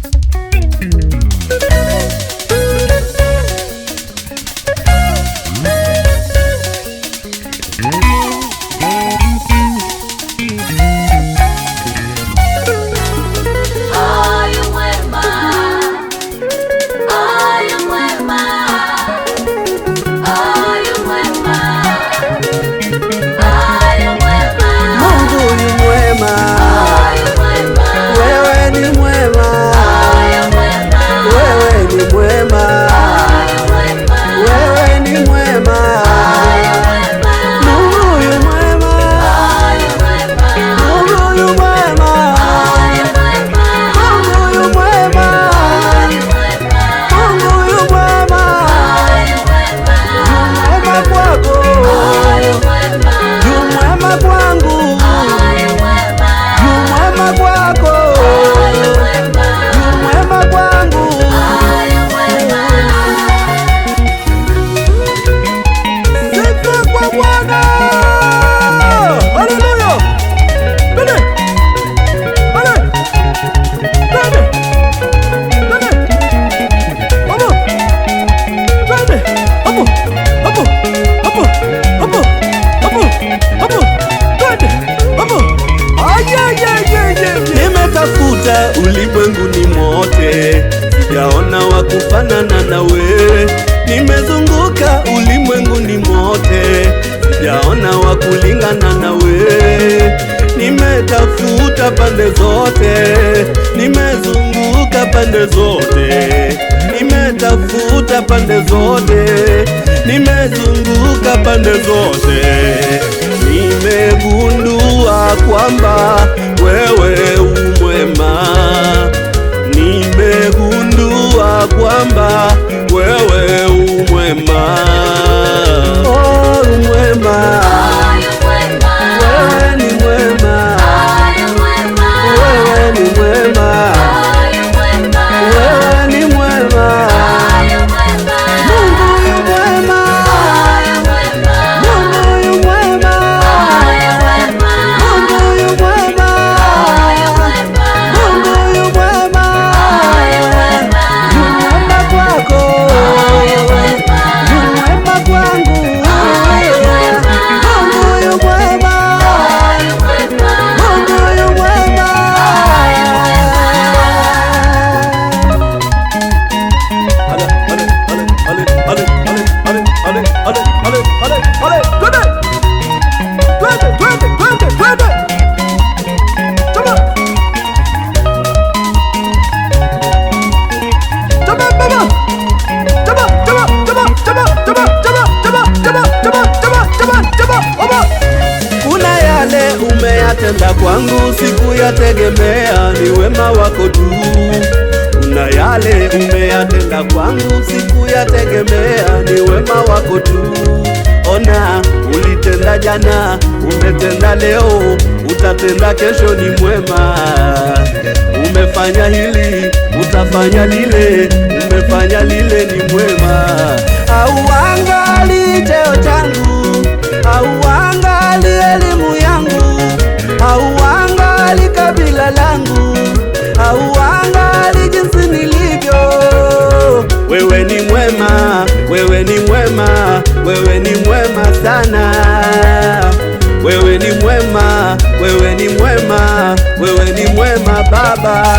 Thank mm. you. sijaona wa kufanana nawe, nimezunguka ulimwenguni mote, sijaona wa kulingana nawe, nimetafuta pande zote, nimezunguka pande zote, nimetafuta pande zote, nimezunguka pande zote, nimegundua kwamba wewe yangu sikuyategemea, ni wema wako tu. Kuna yale umeyatenda kwangu sikuyategemea, ni wema wako tu. Ona ulitenda jana, umetenda leo, utatenda kesho, ni mwema. Umefanya hili, utafanya lile, umefanya lile, ni mwema. Auangali cheo changu, auangali hawajali kabila langu, au hauangali jinsi nilivyo. Wewe ni mwema, wewe ni mwema, wewe ni mwema sana. Wewe ni mwema, wewe ni mwema, wewe ni mwema Baba.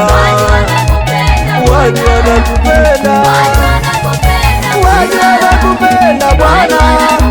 wanakupenda wanakupenda wanakupenda wanakupenda wanakupenda wanakupenda wanakupenda wanakupenda wanakupenda wanakupenda wanakupenda wanakupenda wanakupenda wanakupenda wanakupenda